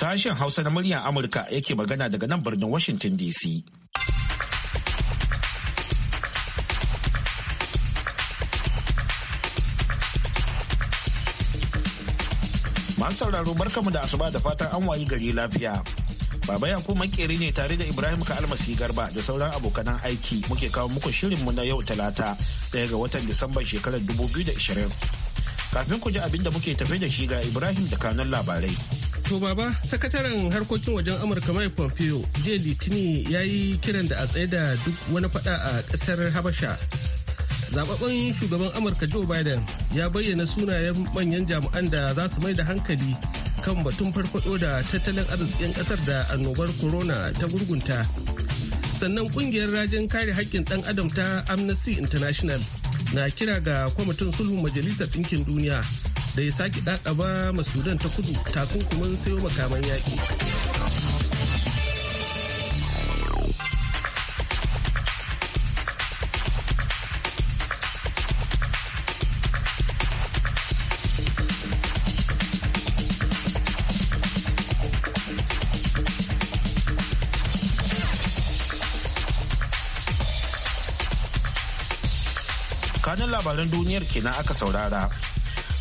Sashen Hausa na muryar Amurka yake magana daga nan birnin Washington DC. Masu sauraro barkamu da asuba da fatan an wayi gari lafiya. Baba Yakubu makeri ne tare da Ibrahim Kalmasi Garba da sauran abokanan aiki muke kawo muku mu na yau Talata daya ga watan Disamban shekarar 2020. Kafin ku ji abin da muke tafe da shi ga Ibrahim da kanun labarai. To baba, sakataren harkokin wajen Amurka Mike Pompeo jiya Litini ya yi kiran da a tsaye da duk wani fada a ƙasar Habasha. Zababben shugaban Amurka Joe Biden ya bayyana sunayen manyan jami'an da za su mai da hankali kan batun farfado da tattalin arzikin kasar da annobar corona ta gurgunta sannan kungiyar rajin kare haƙƙin ɗan adam ta amnesty international na kira ga kwamitin sulhun majalisar ɗinkin duniya da ya sake ɗaɗaba masudan ta kudu takunkumin sayo makaman yaƙi. tsakanin labaran duniyar kenan aka saurara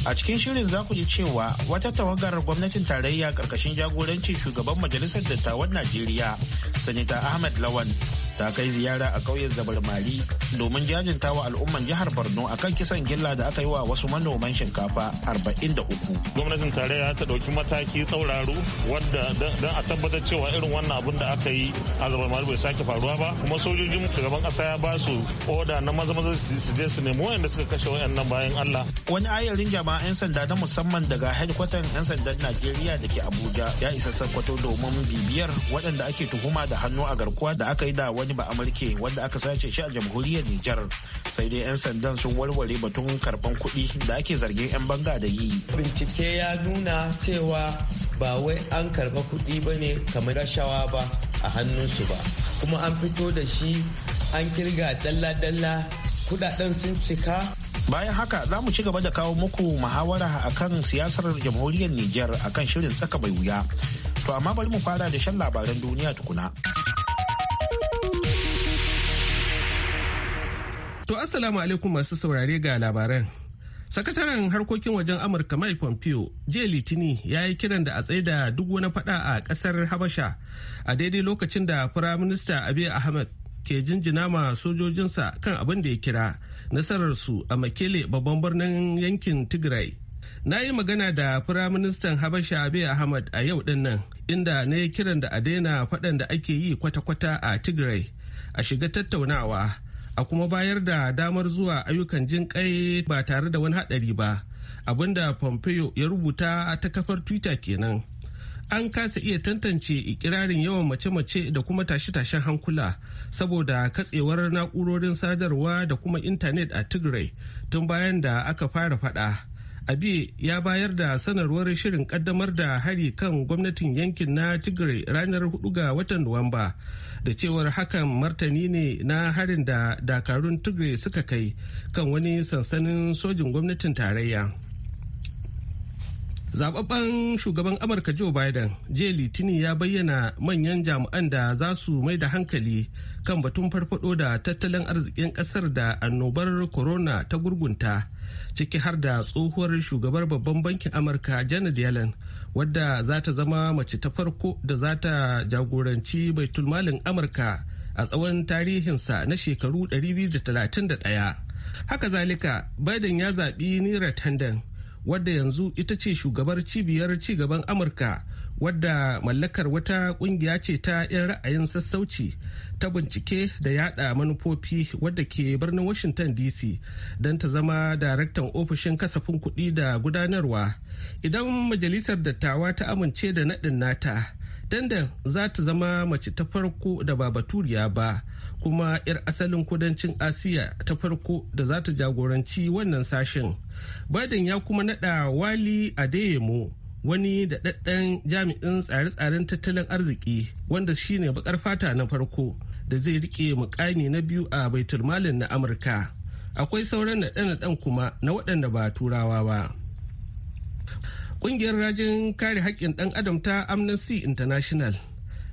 a cikin shirin za ku ji cewa wata tawagar gwamnatin tarayya ƙarƙashin jagorancin shugaban majalisar dattawan najeriya sanita ahmed lawan ta kai ziyara a kauyen zabarmari domin jajinta wa al'umman jihar borno a kan kisan gilla da aka yi wa wasu manoman shinkafa arba'in da uku. gwamnatin tarayya ta ɗauki mataki sauraro wadda don a tabbatar cewa irin wannan abun da aka yi a zabarmari bai sake faruwa ba kuma sojojin shugaban ƙasa ya ba su oda na maza maza su je su nemi wayanda suka kashe wayannan bayan allah wani ayarin jama'a 'yan sanda na musamman daga hedkwatan 'yan sandan najeriya da ke abuja ya isa sakkwato domin bibiyar waɗanda ake tuhuma da hannu a garkuwa da aka yi da wani wani ba amurke wanda aka sace shi a jamhuriyar Nijar sai dai 'yan sandan sun warware batun karban kuɗi da ake zargin 'yan banga da yi. Bincike ya nuna cewa ba wai an karba kuɗi ba ne kamar rashawa ba a hannunsu ba kuma an fito da shi an kirga dalla-dalla kudaden sun cika bayan haka za mu ci gaba da kawo muku muhawara a kan siyasar jamhuriyar niger akan shirin tsaka mai wuya to amma bari mu fara da shan labaran duniya tukuna. To Assalamu alaikum masu saurare ga labaran. Sakataren harkokin wajen Amurka Mike Pompeo jiya Litini ya yi kiran da a tsaida duk wani fada a kasar Habasha a daidai lokacin da Firaminista Abiy Ahmed ke jinjina ma sojojinsa kan abin da ya kira nasararsu a Makele babban birnin yankin Tigray. Na yi magana da Firaministan Habasha Abiy Ahmed a yau din nan inda na yi kiran da a daina faɗan da ake yi kwata-kwata a Tigray a shiga tattaunawa. a kuma bayar da damar zuwa ayyukan jin kai ba tare da wani haɗari ba abinda pompeo ya rubuta ta kafar twitter kenan an kasa iya tantance ikirarin yawan mace-mace da kuma tashe-tashen hankula saboda katsewar na'urorin sadarwa da kuma intanet a tigray tun bayan da aka fara fada Abi ya bayar da sanarwar shirin kaddamar da hari kan gwamnatin yankin na tigray ranar 4 ga watan nuwamba da cewar hakan martani ne na harin da dakarun tigray suka kai kan wani sansanin sojin gwamnatin tarayya. zababben shugaban amurka joe biden jiya litini ya bayyana manyan jami'an da za su mai da hankali kan batun farfado da tattalin arzikin kasar da annobar corona ta gurgunta ciki har da tsohuwar shugabar babban bankin amurka janet yellen wadda za ta zama mace ta farko da za ta jagoranci baitulmalin amurka a tsawon tarihinsa na shekaru 231 haka zalika biden ya zaɓi nira tandon wadda yanzu ita ce shugabar cibiyar cigaban amurka wadda mallakar wata kungiya ce ta 'yan ra'ayin sassauci ta bincike da yada manufofi wadda ke birnin washington dc don ta zama daraktan ofishin kasafin kuɗi da gudanarwa idan majalisar dattawa ta amince da naɗin nata dandan za ta zama mace ta farko da ba baturiya ba kuma 'yar asalin kudancin asiya ta farko da za ta jagoranci wannan sashen biden ya kuma nada wali adeyemo wani da daɗaɗɗen jami'in tsare-tsaren tattalin arziki wanda shine bakar fata na farko da zai rike mukami na biyu a baitulmalin na amurka akwai sauran naɗe-naɗen kuma na waɗanda ba turawa ba Ƙungiyar rajin kare haƙƙin ɗan adam ta Amnesty International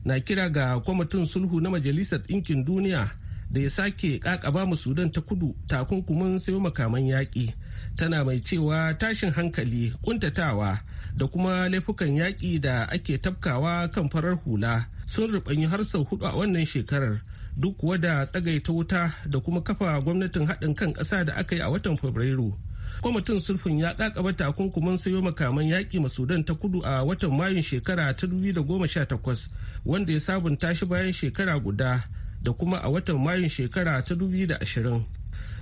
na kira ga kwamitin sulhu na Majalisar Ɗinkin Duniya da ya sake ƙaƙaba mu Sudan ta kudu takunkumin sayo makaman yaƙi. Tana mai cewa tashin hankali, ƙuntatawa da kuma laifukan yaƙi da ake tafkawa kan farar hula sun rubanyi har sau hudu a wannan shekarar. duk wada tsagaita wuta da kuma kafa gwamnatin haɗin kan ƙasa da aka yi a watan fabrairu kwamitin sulhun ya dakaba takunkumin sayo makaman yaƙi ma sudan ta kudu a watan mayun shekara ta 2018 wanda ya sabunta shi bayan shekara guda da kuma a watan mayun shekara ta ashirin.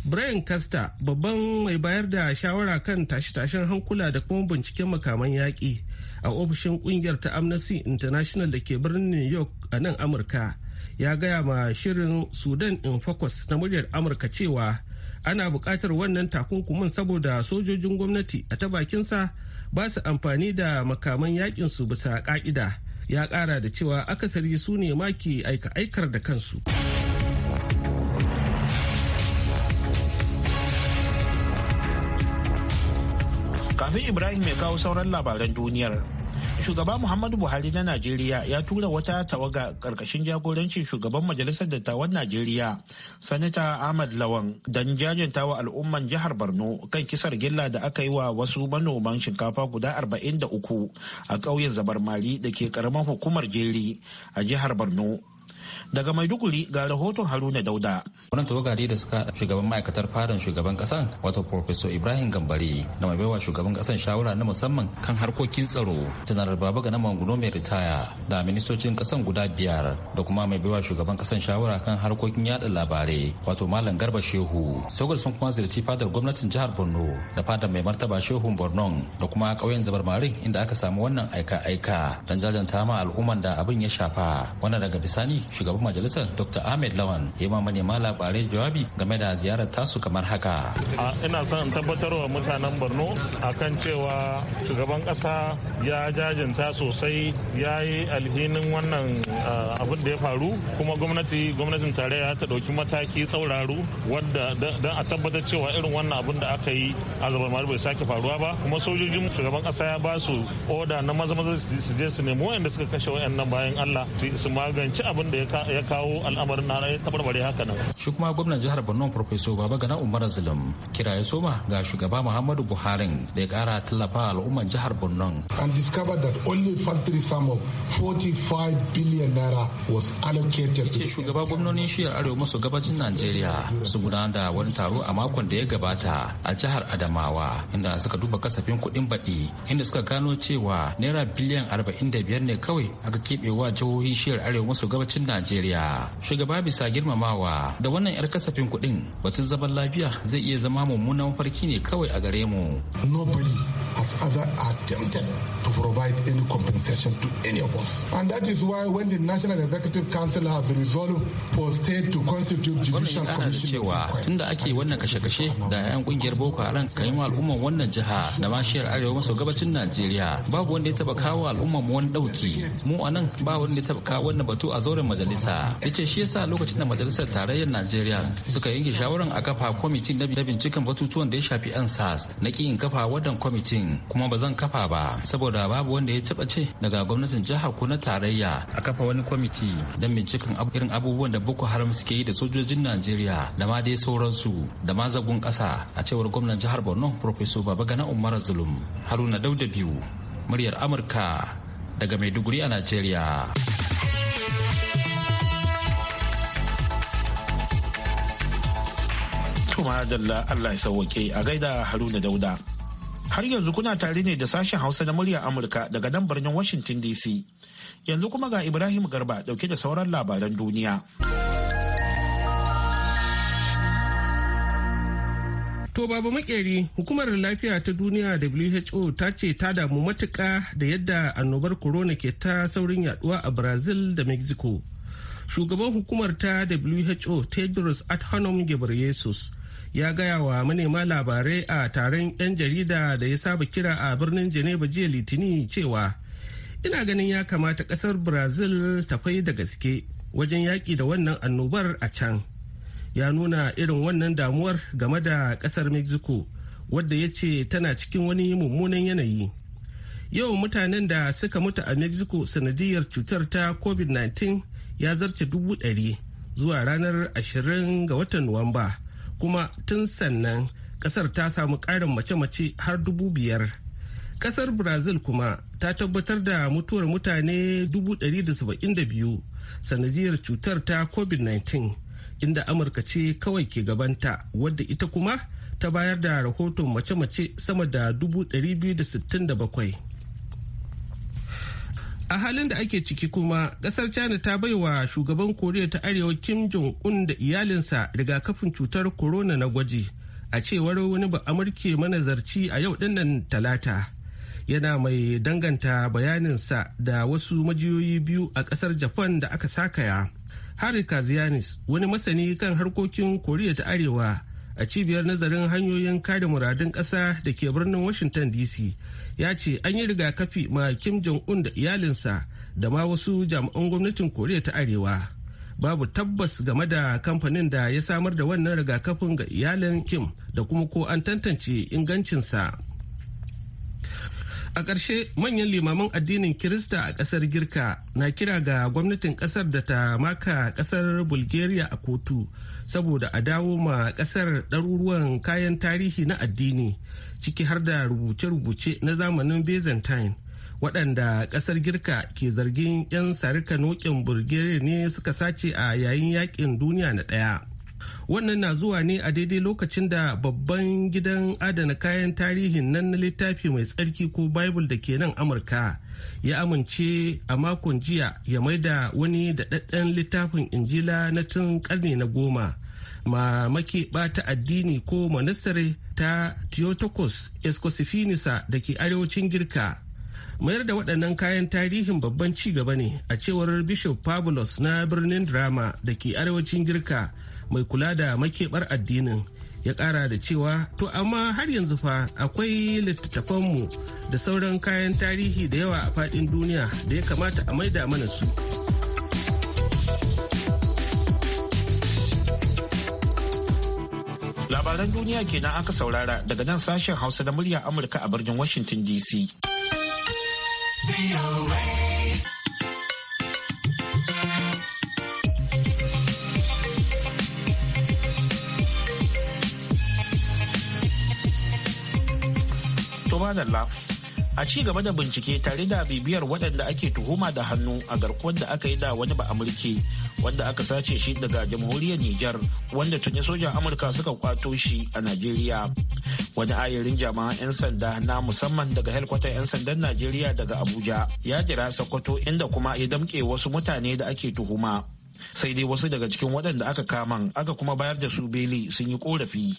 brian casta babban mai bayar da shawara kan tashe-tashen hankula da kuma binciken makaman yaƙi a ofishin ƙungiyar ta amnesty international da ke birnin new york a nan amurka ya gaya ma shirin sudan in focus na muryar amurka cewa ana buƙatar wannan takunkumin saboda sojojin gwamnati a ta bakinsa ba su amfani da makaman yaƙinsu bisa ƙa'ida ya ƙara da cewa akasari su ne maki aika aikar da kansu kafin ibrahim ya kawo sauran labaran duniyar Shugaba Muhammadu Buhari na Najeriya ya tura wata tawaga karkashin jagorancin shugaban Majalisar Dattawan Najeriya, Sanata Ahmad Lawan, don jajanta wa al'umman jihar Borno kan kisar gilla da aka yi wa wasu manoman shinkafa guda 43 a ƙauyen Mali da ke ƙaramar hukumar Jeri a jihar Borno. Daga Maiduguri ga rahoton Haruna Dauda. Wannan tawagari da suka shugaban ma'aikatar fadan shugaban kasan wato Professor Ibrahim Gambari na mai baiwa shugaban kasan shawara na musamman kan harkokin tsaro Janar Baba Gana Manguno mai ritaya da ministocin kasan guda biyar da kuma mai baiwa shugaban kasan shawara kan harkokin yada labarai wato Malam Garba Shehu. Sogar sun kuma ziyarci fadar gwamnatin jihar Borno da fadar mai martaba Shehu Borno da kuma ƙauyen marin inda aka samu wannan aika-aika don jajanta ma al'umman da abin ya shafa. Wannan daga bisani shugaban majalisar dr ahmed lawan ya ma manema labarai jawabi game da ziyarar tasu kamar haka ina son in tabbatarwa mutanen borno a kan cewa shugaban kasa ya jajinta sosai ya yi alhinin wannan abin da ya faru kuma gwamnati gwamnatin tarayya ta ɗauki mataki tsauraru wadda don a tabbatar cewa irin wannan abin da aka yi a bai sake faruwa ba kuma sojojin shugaban kasa ya ba su oda na maza maza su je su nemi wayanda suka kashe nan bayan allah su magance abin da ya ya kawo al'amarin na ya tabarbare haka nan shi kuma gwamnan jihar Borno baba gana Umar Zulum kira ya soma ga shugaba Muhammadu Buhari da ya kara tallafa al'umman jihar Borno and discovered that only factory sum of 45 billion naira was allocated to shugaba gwamnonin shiyar arewa maso gabacin Najeriya su gudanar da wani taro a makon da ya gabata a jihar Adamawa inda suka duba kasafin kuɗin baɗi inda suka gano cewa naira biliyan arba'in da biyar ne kawai aka keɓewa jihohin shiyar arewa maso gabacin Najeriya Najeriya. Shugaba bisa girmamawa da wannan 'yar kasafin kuɗin batun zaman lafiya zai iya zama mummunan mafarki ne kawai a gare mu. has either attempted to provide any compensation to any of us. And that is why when the National Executive Council has resolved for state to constitute judicial commission. cewa tunda ake wannan kashe-kashe da 'yan kungiyar Boko Haram kan yi al'umman wannan jiha da ma shiyar arewa maso gabacin Najeriya babu wanda ya taba kawo al'umman mu wani dauki mu a nan ba wanda ya taba kawo wannan batu a zauren majalisa yace shi yasa lokacin da majalisar tarayyar Najeriya suka yanke shawaran a kafa kwamitin na binciken batutuwan da ya shafi ansas na kin kafa wannan kwamitin kwamitin kuma ba zan kafa ba saboda babu wanda ya taba ce daga gwamnatin jihar ko na tarayya a kafa wani kwamiti don binciken irin abubuwan da Boko Haram suke yi da sojojin Najeriya da ma dai sauransu da ma zagun kasa a cewar gwamnan jihar Borno Professor Babagana Umar Zulum Haruna Dauda biyu muryar Amurka daga Maiduguri a Najeriya. Tuma Dalla Allah ya sauwake a gaida Haruna Dauda. Har yanzu kuna tare ne da sashen Hausa na murya Amurka daga nan birnin Washington DC. Yanzu kuma ga Ibrahim Garba dauke da sauran labaran duniya. To babu makeri hukumar lafiya ta duniya WHO ta ce ta damu matuka da yadda annobar corona ke ta saurin yaduwa a Brazil da Mexico. Shugaban hukumar ta WHO Tedros Adhanom Ghebreyesus ya gaya wa manema labarai a taron 'yan jarida da ya saba kira a birnin Geneva jiya litini cewa ina ganin ya kamata kasar Brazil ta kwai da gaske wajen yaƙi da wannan annobar a can. Ya nuna irin wannan damuwar game da kasar Mexico wadda ya ce tana cikin wani mummunan yanayi. Yau mutanen da suka mutu a Mexico sanadiyar cutar ta COVID-19 ya zarce dubu ɗari zuwa ranar 20 ga watan Nuwamba. kuma tun sannan kasar ta samu ƙarin mace-mace har dubu biyar kasar brazil kuma ta tabbatar da mutuwar mutane 172 sanadiyar cutar ta covid-19 inda amurka ce kawai ke gabanta wadda ita kuma ta bayar da rahoton mace-mace sama da 267 a halin da ake ciki kuma kasar china ta bai wa shugaban koriya ta arewa kim jong-un da iyalinsa rigakafin cutar corona na gwaji a cewar wani ba amurke manazarci a yau dinnan talata yana mai danganta bayaninsa da wasu majiyoyi biyu a kasar japan da aka sakaya harry kazianis wani masani kan harkokin koriya ta arewa a cibiyar nazarin hanyoyin kare muradun ƙasa da ke birnin washington dc ya ce an yi rigakafi ma kim jong-un da iyalinsa da ma wasu jami'an gwamnatin koriya ta arewa babu tabbas game da kamfanin da ya samar da wannan rigakafin ga iyalin kim da kuma ko an tantance ingancinsa a ƙarshe manyan limaman addinin kirista a ƙasar girka na kira ga gwamnatin ƙasar da ta maka ƙasar bulgaria a kotu saboda a dawo ma ƙasar ɗaruruwan kayan tarihi na addini ciki har da rubuce-rubuce na zamanin Byzantine waɗanda ƙasar Girka ke zargin 'yan sarika nokin Bulgaria ne suka sace a yayin yakin duniya na ɗaya. Wannan na zuwa ne a daidai lokacin da babban gidan adana kayan tarihin nan na littafi mai tsarki ko Bible da ke nan Amurka ya amince a makon jiya ya maida wani daɗaɗɗen littafin Injila na tun ƙarni na goma ma makeɓa ta addini ko monastare ta Theotokos Eskosifinisa da ke arewacin Girka. Mayar da waɗannan kayan tarihin babban ci gaba ne a cewar Bishop Pablos na birnin Drama da ke arewacin Girka mai kula da makebar addinin. Ya ƙara da cewa to amma har yanzu fa akwai littattafanmu da sauran kayan tarihi da yawa a faɗin duniya da ya kamata a maida mana su. Labaran duniya kenan aka saurara daga nan sashen Hausa da murya Amurka a birnin Washington DC. To Lab. a ci gaba da bincike tare da bibiyar waɗanda ake tuhuma da hannu a garkuwar da aka yi da wani ba amurke wanda aka sace shi daga jamhuriyar Nijar wanda tuni sojan Amurka suka kwato shi a Najeriya. Wani ayarin jama'a 'yan sanda na musamman daga helkwatar 'yan sandan Najeriya daga Abuja ya jira Sokoto inda kuma ya damke wasu mutane da ake tuhuma. Sai dai wasu daga cikin waɗanda aka kaman aka kuma bayar da su beli sun yi ƙorafi.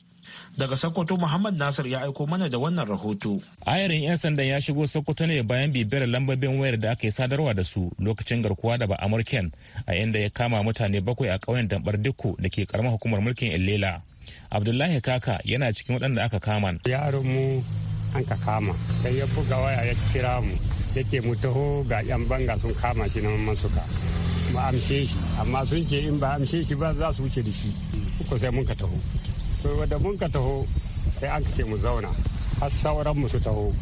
Daga Sokoto Muhammad Nasir ya aiko mana da wannan rahoto. Ayarin 'yan sandan ya shigo Sokoto ne bayan bibiyar lambobin wayar da aka yi sadarwa da su lokacin garkuwa da ba Amurken a inda ya kama mutane bakwai a ƙauyen Dambar Dikko da ke karamar hukumar mulkin Illela. Abdullahi Kaka yana cikin waɗanda aka kama. Yaron mu an ka kama sai ya buga waya ya kira mu yake mu taho ga 'yan banga sun kama shi na masuka. ba amshe shi amma sun ce in ba amshe shi ba za su wuce da shi. sai mun ka taho. to wadda mun ka taho sai an ce mu zauna har sauran mu su taho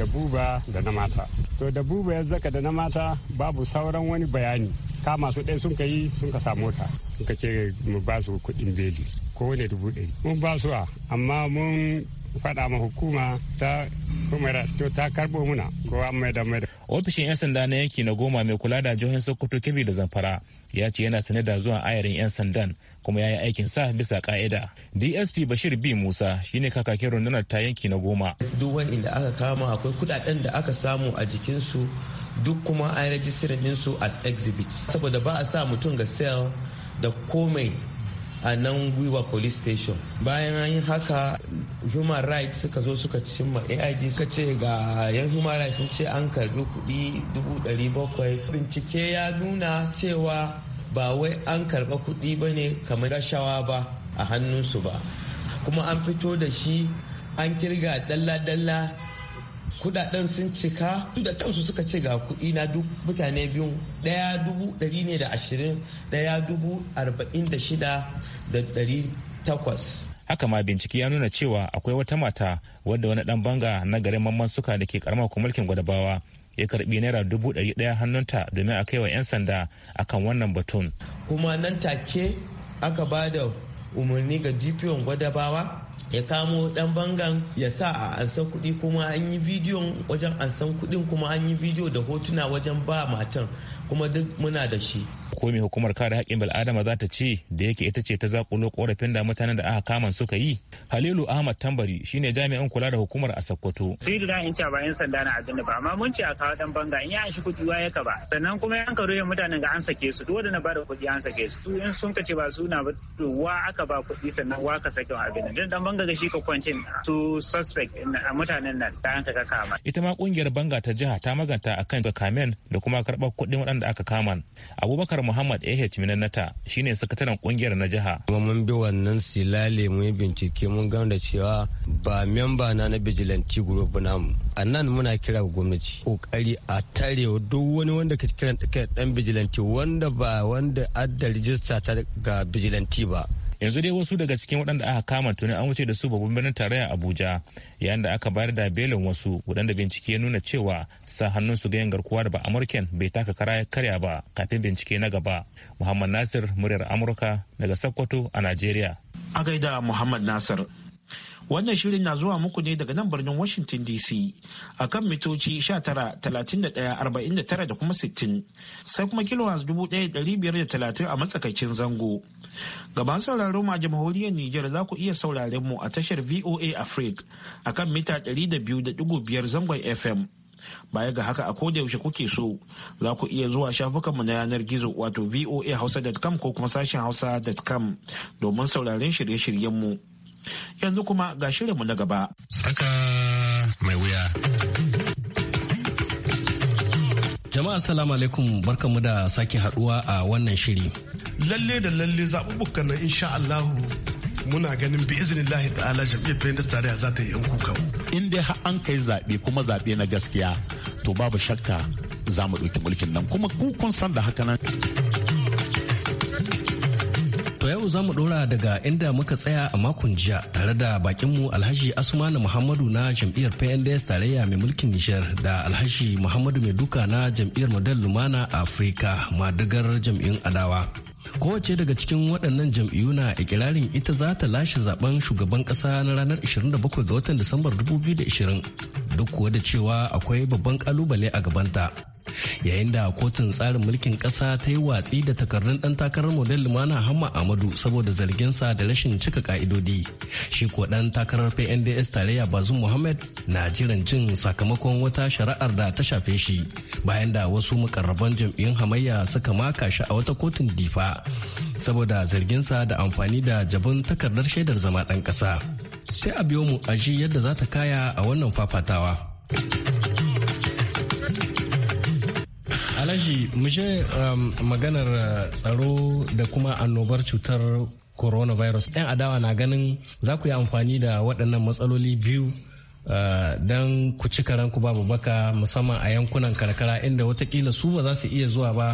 da buba da na mata to da buba ya zaka da na mata babu sauran wani bayani ka masu ɗaya sun ka yi sun ka samu ta suka ce mu ba su kuɗin beli ko wani dubu ɗari mun ba su amma mun faɗa ma hukuma ta kuma to ta karɓo muna ko an mai da mai ofishin 'yan sanda na yanki na goma mai kula da jihohin sokoto kebbi da zamfara ya ce yana sane da zuwa ayarin 'yan sandan kuma ya yi aikin sa bisa ka'ida dsp bashir b musa shine kakakin rundunar ta yanki na goma duk inda aka kama akwai kudaden da aka samu a jikinsu duk kuma an rajistirin dinsu as exhibit saboda ba a sa mutum ga sale da komai a nan gwiwa police station bayan an yi haka human rights suka zo suka cimma aig suka ce ga yan human rights sun ce an karbi kuɗi 700 bincike ya nuna cewa ba wai an karba kuɗi ba ne kamar rashawa ba a hannunsu ba kuma an fito da shi an kirga dalla-dalla kudaden sun cika duk da kansu suka ce ga kuɗi na duk mutane biyu daya dubu dari ne da ashirin daya dubu arba'in da shida da ɗari takwas. Haka ma bincike ya nuna cewa akwai wata mata wadda wani dan banga na garin mamman suka da ke karamar mulkin gwadabawa ya karbi naira dubu ɗari ɗaya hannunta domin a kai wa 'yan sanda akan wannan batun. Kuma nan take aka ba da umarni ga DPO gwadabawa ya kamo dan bangan ya sa a ansan kuɗi kuma an yi bidiyon wajen ansan kuɗin kuma an yi bidiyo da hotuna wajen ba matan kuma duk muna da shi ko me hukumar kare haƙƙin bil'adama za ta ce da yake ita ce ta zakulo korafin da mutanen da aka kama suka yi halilu ahmad tambari shine jami'an kula da hukumar a sokoto sai da in ba yan sanda na abin ba amma mun ce a kawo dan banga in ya an shi kuɗi wa yaka ba sannan kuma yan karo mutanen ga an sake su dole na bada kuɗi an sake su in sun ce ba suna ba to wa aka ba kuɗi sannan wa ka sake abin nan dan banga ga shi ka kwance su suspect a mutanen nan da an ka kama ita ma kungiyar banga ta jiha ta maganta akan kamen da kuma karɓar kuɗin waɗanda aka kama abubakar abubakar muhammad ah minannata shine sakataren kungiyar na jiha mun bi wannan silale mun yi bincike mun gano da cewa ba memba na na bijilanci group namu a nan muna kira ga gwamnati kokari a tarewa duk wani wanda ka kiran dan bijilanci wanda ba wanda adda rijista ta ga bijilanci ba yanzu dai wasu daga cikin waɗanda aka kama tuni an wuce da su babban birnin tarayya abuja yayin da aka bayar da belin wasu waɗanda bincike ya nuna cewa sa hannun su gayan garkuwa da ba amurken bai taka kara ya karya ba kafin bincike na gaba muhammad nasir muryar amurka daga sokoto a najeriya a gaida muhammad nasir Wannan shirin na zuwa muku ne daga nan birnin Washington DC a kan mitoci 19,31,49 da kuma 60 sai kuma kilowatts 1,530 a matsakaicin zango. Gaban sauraron ma jamhuriyar Nijar za ku iya sauraren mu a tashar VOA Africa a kan mita 200.5 zangon FM. Baya ga haka a koda yaushe kuke so za ku iya zuwa shafukanmu na yanar gizo wato voa voahausa.com ko kuma sashen hausa.com domin sauraren shirye-shiryenmu. mu. Yanzu kuma ga shirinmu na gaba. Tsaka mai wuya. Jama'a salamu alaikum da sake haduwa a wannan shiri. Lalle da lalle zaɓuɓɓuka na insha Allahu muna ganin bi lahi ta'ala jam'iyyar Pendas tare za ta yi yan kuka. In dai an kai zaɓe kuma zaɓe na gaskiya to babu shakka za mu ɗauki mulkin nan kuma kukun san da haka nan. To yau za mu ɗora daga inda muka tsaya a makon jiya tare da bakinmu Alhaji Asmanu Muhammadu na jam'iyyar PNDS tarayya mai mulkin Nishar da Alhaji Muhammadu duka na jam'iyyar Model Lumana Afirka madagar jam'iyyun adawa. Kowace daga cikin waɗannan jam'iyyu na ikirarin ita za ta lashe zaben shugaban ƙasa na ranar 27 ga watan Disambar 2020 duk kuwa da cewa akwai babban ƙalubale a gabanta. yayin da kotun tsarin mulkin ƙasa ta yi watsi da takardun ɗan takarar model lumana hamma amadu saboda zarginsa da rashin cika ka'idodi shi ko ɗan takarar pnds tarayya bazu muhammad na jiran jin sakamakon wata shari'ar da ta shafe shi bayan da wasu makarraban jam'iyyun hamayya suka maka shi a wata kotun difa saboda zarginsa da amfani da jabin takardar shaidar zama ɗan ƙasa sai a biyo mu aji yadda za ta kaya a wannan fafatawa. alhaji mu um, maganar uh, tsaro da kuma annobar cutar coronavirus 'yan adawa na ganin za ku yi amfani da waɗannan matsaloli biyu uh, don ku ci ranku babu baka musamman a yankunan karkara inda watakila su ba za su iya zuwa ba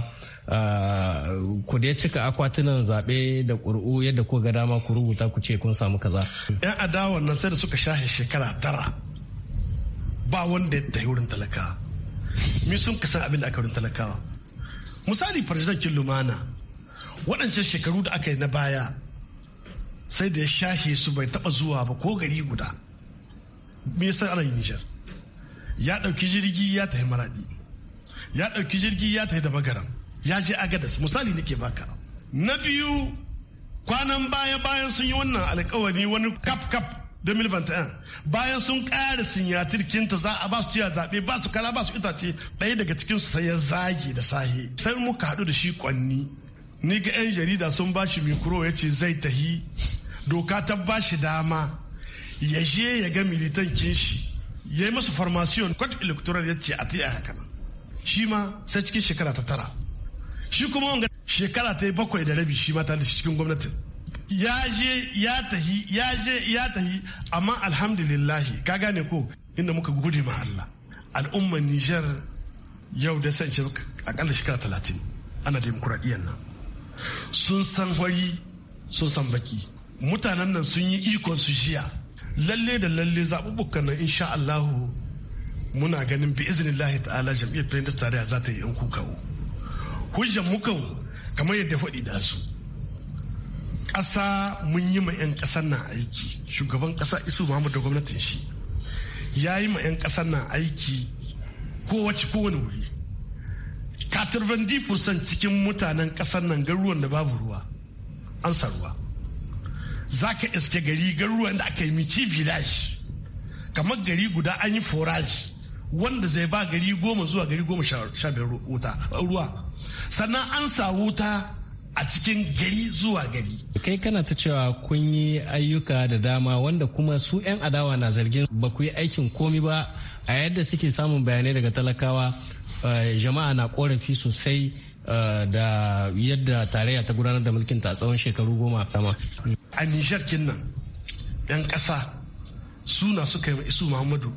uh, ku dai cika akwatunan zaɓe da ƙuri'u yadda ku ga dama ku rubuta ku ce kun samu kaza. 'yan adawa nan sai da suka shahe shekara tara ba wanda ya tafi wurin talaka mi sun kasa abin da aka wurin talakawa misali farjinakin lumana waɗancan shekaru da aka yi na baya sai da ya shahe su bai taɓa zuwa ba ko gari guda ministan ana yi nijar ya ɗauki jirgi ya tafi maraɗi ya ɗauki jirgi ya tafi da magaram ya je agadas misali nake baka na biyu kwanan baya bayan sun yi wannan alkawari wani kap kap 2021 bayan sun ƙara sinyatirkinta za a basu su ciya zaɓe ba su kala ba su itace ɗaya daga su sai ya zage da sahi. sai muka haɗu da shi kwanni ni ga 'yan jarida sun ba shi mikro ya ce zai tahi doka ta ba shi dama ya je ya ga militan kinshi ya yi masu farmasiyon kwat electoral ya ce a ta haka shi ma sai cikin shekara ta tara shi kuma wanga shekara ta yi bakwai da rabi shi ma ta cikin gwamnatin Yaje ya tahi yaje ya tahi amma alhamdulillahi ka gane ko inda muka gode ma Allah al'ummar Nijar yau da san ce akalla shekara talatin ana demokuraɗiyyar nan sun san wari sun san baki mutanen nan sun yi ikon su jiya lalle da lalle zaɓuɓɓukan nan insha Allahu muna ganin bi iznillahi ta'ala jam'iyyar Prendes tarayya za ta yi in kukawo hujjan mukau kamar yadda faɗi da su ƙasa mun yi ma 'yan ƙasar na aiki shugaban kasa isu muhammadu da gwamnatin shi ya yi ma 'yan ƙasar na aiki kowace kowane wuri katarvan difursan cikin mutanen ƙasar nan garuruwan da babu ruwa an ruwa za ka iske gari garuruwan da aka yi mici village kamar gari guda an yi forage wanda zai ba gari goma zuwa gari goma sha biyar ruwa sannan an sa wuta a cikin gari zuwa gari. Kai kana ta cewa kun yi ayyuka da dama wanda kuma su 'yan adawa na zargin ba ku yi aikin komi ba a yadda suke samun bayanai daga talakawa eh, jama'a na korafi sosai eh, da yadda tarayya ta gudanar da mulkin ta tsawon shekaru goma. A Nijar kinnan 'yan ƙasa suna suka yi Isu Muhammadu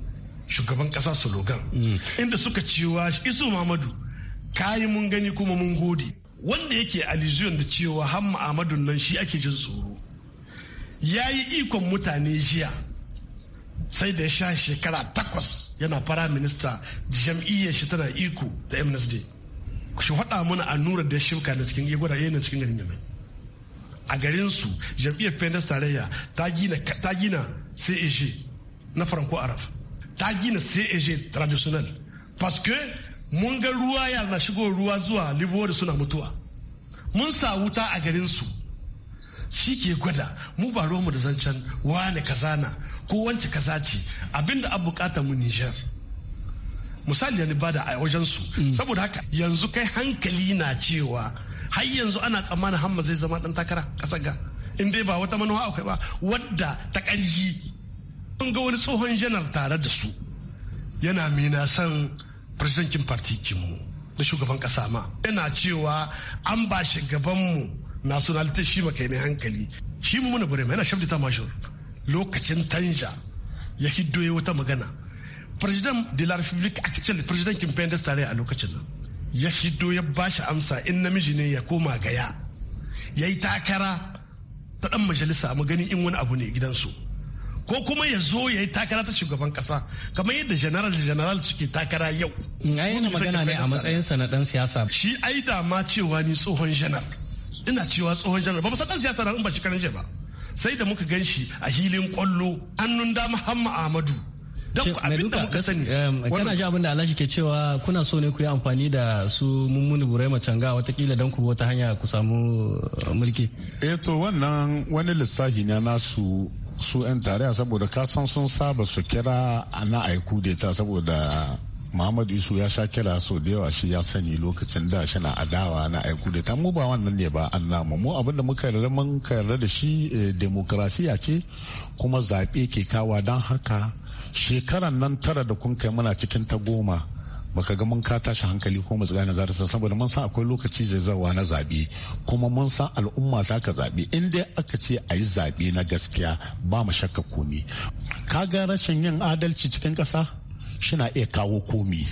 shugaban ƙasa Slogan mm. inda suka cewa Isu Muhammadu kayi mun gani kuma mun gode. wanda yake allusion da cewa har mu'amadun nan shi ake jin tsoro ya yi ikon mutane jiya sai da ya sha shekara takwas yana fara minista jam'iyyar shi tana iko da msd shi faɗa mana a nura da shimka da cikin gwada yana cikin garin yamai a garin su jam'iyyar pendas tarayya ta gina ta gina cag na franco arab ta gina cag traditional parce que mun ga ruwa ya na shigo ruwa zuwa libori suna mutuwa mun sa wuta a garin su shi ke gwada mu ba mu da zancen wane kaza na ko wance kaza ce abinda an bukata mu nijar misali ya bada a wajen su mm. saboda haka yanzu kai hankali na cewa har yanzu ana tsammanin hamma zai zama dan takara kasar ga in dai ba wata manuwa akwai ba wadda ta karji sun ga wani tsohon janar tare da su yana mina san presidentin party mu da shugaban kasa ma yana cewa an ba shugabanmu nationality shi makai ne hankali shi mu muna burema yana chef ta major lokacin tanja ya hiddoye wata magana president de la republique actuelle president kimfen pende stare a lokacin nan ya hiddo ya bashi amsa in namiji ne ya koma gaya Yayi takara ta dan majalisa mu gani in wani abu ne gidansu ko kuma ya zo ya yi takara ta shugaban kasa kamar yadda general da general suke takara yau. Na magana ne a matsayinsa na dan siyasa. Shi ai da ma cewa ni tsohon general. Ina cewa tsohon general ba san dan siyasa na in ba shi karanje ba. Sai da muka gan shi a hilin kwallo hannun da Muhammad eh, Ahmadu. kana ji abin da alhaji ke cewa kuna so ne ku yi amfani da su mummuni burai canga watakila don ku wata hanya ku samu eh, mulki eh to wannan wani lissafi ne na su. su 'yan tarayya saboda kasan sun saba su kira na aiku da ta saboda Muhammadu Isu ya sha kira so da yawa shi ya sani lokacin da shi na adawa na aiku da ta mu ba wannan ne ba an namu mu abinda muka yarda mun yarda da shi eh, demokrasiya ce kuma zaɓe ke kawa don haka shekaran nan tara da kun kai muna cikin ta goma baka ga mun ka tashi hankali ko mu gane zata saboda mun san akwai lokaci zai zawa na zabe kuma mun san al'umma ta ka zabe in dai aka ce a yi zabe na gaskiya ba mu shakka komi ka ga rashin yin adalci cikin ƙasa shina iya kawo komi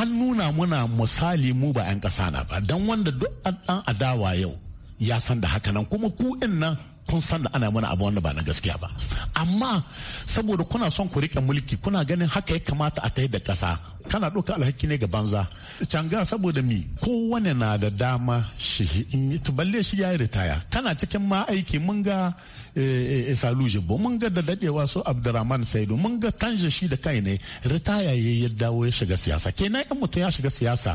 an nuna muna misali mu ba 'yan ƙasa na ba don wanda duk an adawa yau ya san da haka nan kuma ku nan kun san da ana mana abu wanda ba na gaskiya ba amma saboda kuna son ku rike mulki kuna ganin haka ya kamata a ta da kasa kana ɗauka alhaki ne ga banza canga saboda mi kowane na da dama shi in to balle shi yayi ritaya kana cikin ma aiki mun ga isa eh, eh, eh, lujibo mun ga da dadewa su abdurrahman saidu mun ga tanje shi da kai ne ritaya ya yi dawo ya shiga siyasa kenan yan mutum ya shiga siyasa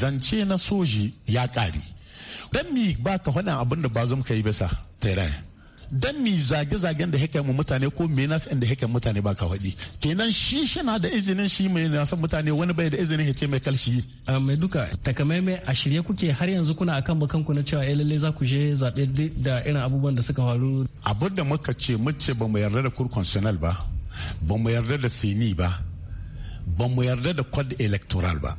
zance na soji ya ƙari. dan mi ba ka hana abin da ba zo muka yi bisa tare dan mi zage-zagen da haka mu mutane ko menas da haka mutane ba ka faɗi kenan shi shina da izinin shi mai nasan mutane wani bai da izinin hace mai kalshi mai duka takamaime a shirye kuke har yanzu kuna akan bakan ku na cewa eh lalle za ku je zaɓe da irin abubuwan da suka faru abin da muka ce muce ba mu yarda da kur ba ba mu yarda da sini ba ba mu yarda da kwad electoral ba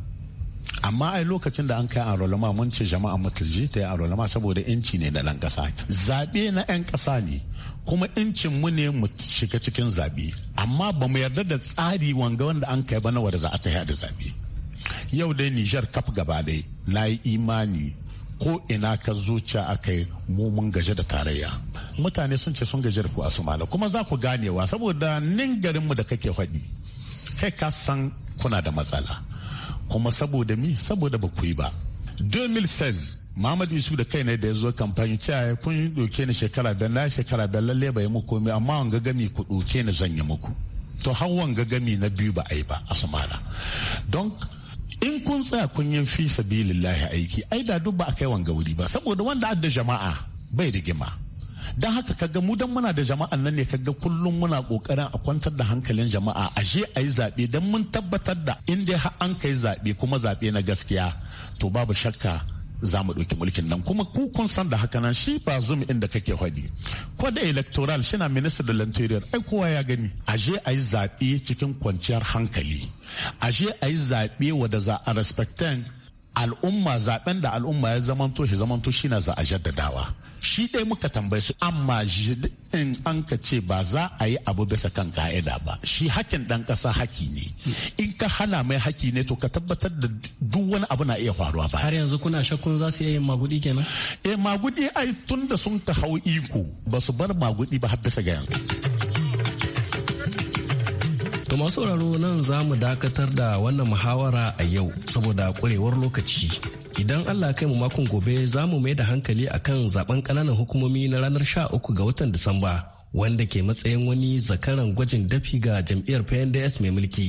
amma ai lokacin da an kai arolama mun ce jama'a mutunci ta yi arolama saboda inci ne na ɗan ƙasa zaɓe na 'yan ƙasa ne kuma incin mu ne mu shiga cikin zaɓe amma ba mu yarda da tsari wanga wanda an kai ba na wanda za a tafiya da zaɓe yau dai nijar kaf gaba dai na yi imani ko ina ka zuciya a kai mu mun gaje da tarayya mutane sun ce sun gaje da ku a sumala kuma za ku ganewa saboda nin garinmu da kake faɗi kai ka san kuna da matsala kuma saboda mi saboda ba ku yi ba 2016 Muhammad Isu da kai na da ya zo kamfani cewa kun doke ni shekara biyar na shekara biyar lalle bai mu komai amma wani gami ku doke ni zan yi muku to har wanga gami na biyu ba a yi ba a samana don in kun tsaya kun yi fi sabilillahi aiki ai da duk ba a kai wanga wuri ba saboda wanda adda jama'a bai rigima don haka kaga mu dan muna da jama'an nan ne kaga kullum muna kokarin a kwantar da hankalin jama'a a je a yi zaɓe don mun tabbatar da in dai har an kai zaɓe kuma zaɓe na gaskiya to babu shakka za mu ɗauki mulkin nan kuma ku kun san da haka nan shi ba zumi inda kake hadi ko da electoral na minister da lantariyar ai kowa ya gani a je a yi zaɓe cikin kwanciyar hankali a je a yi zaɓe wadda za a respectin al'umma zaɓen da al'umma ya zamanto shi zamanto shi na za a jaddadawa shi ɗaya muka tambaye su amma in an ka ce ba za a yi abu bisa kan ka'ida ba shi hakin ɗan ƙasa haki ne in ka hana mai haki ne to ka tabbatar da duk wani abu na iya faruwa ba har yanzu kuna shakkun za su iya yin magudi kenan eh magudi ai tun da sun ka hau iko ba su bar magudi ba har bisa ga yanzu To masu sauraro nan za mu dakatar da wannan muhawara a yau saboda kurewar lokaci. idan allah kai mu makon gobe za mu mai da hankali kan zaben kananan hukumomi na ranar 13 ga watan disamba wanda ke matsayin wani zakaran gwajin dafi ga jam'iyyar pnds mai mulki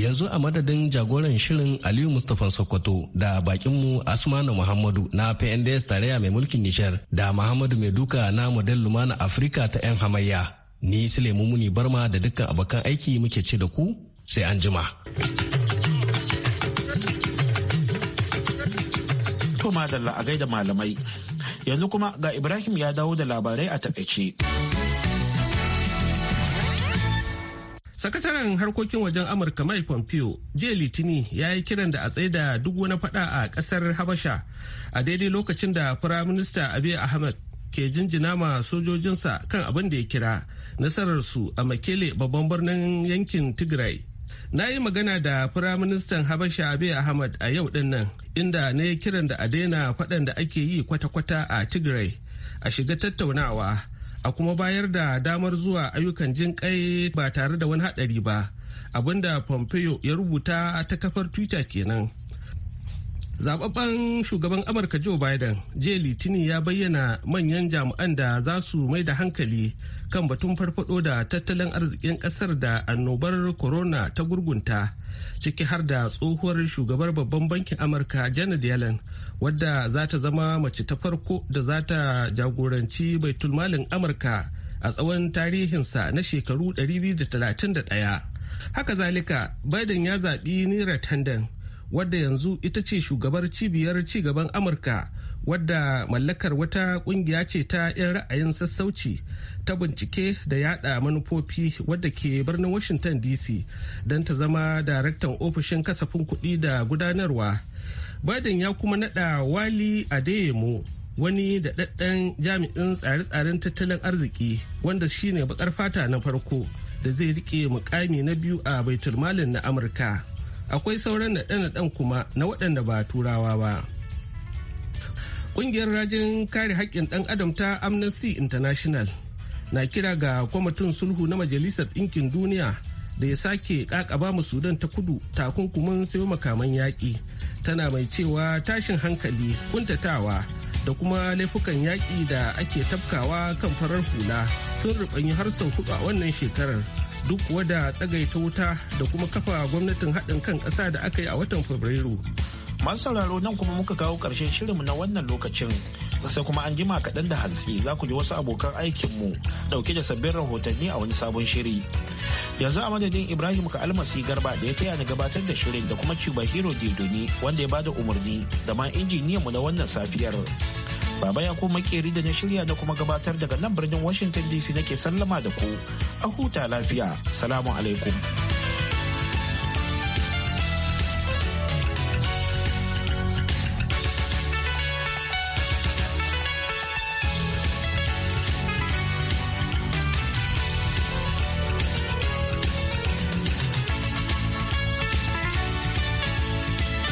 yanzu a madadin jagoran shirin aliyu mustapha sokoto da bakinmu asmanu muhammadu na pnds tarayya mai mulkin nishar da muhammadu mai duka na model lumana afirka ta 'yan hamayya ni sule muni barma da dukkan abokan aiki muke ce da ku sai an jima. To da a gaida malamai. Yanzu kuma ga Ibrahim ya dawo da labarai a takaice. Sakataren harkokin wajen Amurka Mike Pompeo jiya Litini ya yi kiran da a da duk wani fada a kasar Habasha a daidai lokacin da Firaminista Abiy Ahmed ke jinjina ma sojojinsa kan abin da ya kira nasararsu a Makele babban birnin yankin Tigray. Na yi magana da Firaministan Habasha Abiy Ahmed a yau din nan inda na yi kiran da a daina faɗan da ake yi kwata-kwata a tigray a shiga tattaunawa a kuma bayar da damar zuwa ayyukan jin kai ba tare da wani haɗari ba abinda pompeo ya rubuta ta kafar twitter kenan zababben shugaban amurka joe biden jiya litinin ya bayyana manyan jami'an da za su mai da hankali kan batun farfado da tattalin arzikin kasar da annobar corona ta gurgunta ciki har da tsohuwar shugabar babban bankin amurka janet yellen wadda za ta zama mace ta farko da za ta jagoranci tulmalin amurka a tsawon tarihinsa na shekaru 231 haka zalika biden ya zaɓi nira tandon wadda yanzu ita ce shugabar cibiyar cigaban amurka wadda mallakar wata kungiya ce ta 'yan ra'ayin sassauci ta bincike da yada manufofi wadda ke birnin washington dc don ta zama daraktan ofishin kasafin kuɗi da gudanarwa biden ya kuma nada wali adeyemo wani da daɗaɗɗen jami'in tsare-tsaren tattalin arziki wanda shine bakar fata na farko da zai rike mukami na biyu a baitulmalin na amurka akwai sauran naɗe-naɗen kuma na waɗanda ba turawa ba. kungiyar rajin kare haƙƙin ɗan adam ta Amnesty International na kira ga kwamitin sulhu na Majalisar Ɗinkin Duniya da ya sake ƙaƙaba mu Sudan ta kudu takunkumin sayo makaman yaƙi. Tana mai cewa tashin hankali, kuntatawa da kuma laifukan yaƙi da ake tafkawa kan farar hula sun ruɓanyi har sau hudu a wannan shekarar duk wada tsagaita wuta da kuma kafa gwamnatin haɗin kan ƙasa da aka yi a watan Fabrairu. masu sauraro nan kuma muka kawo ƙarshen shirinmu na wannan lokacin sai kuma an jima kaɗan da hantsi za ku ji wasu abokan aikinmu ɗauke da sabbin rahotanni a wani sabon shiri yanzu a madadin ibrahim ka almasi garba da ya taya ni gabatar da shirin da kuma cuba hero dedoni wanda ya bada umarni da ma mu na wannan safiyar baba ya kuma makeri da na shirya da kuma gabatar daga nan birnin washington dc nake sallama da ku a huta lafiya salamu alaikum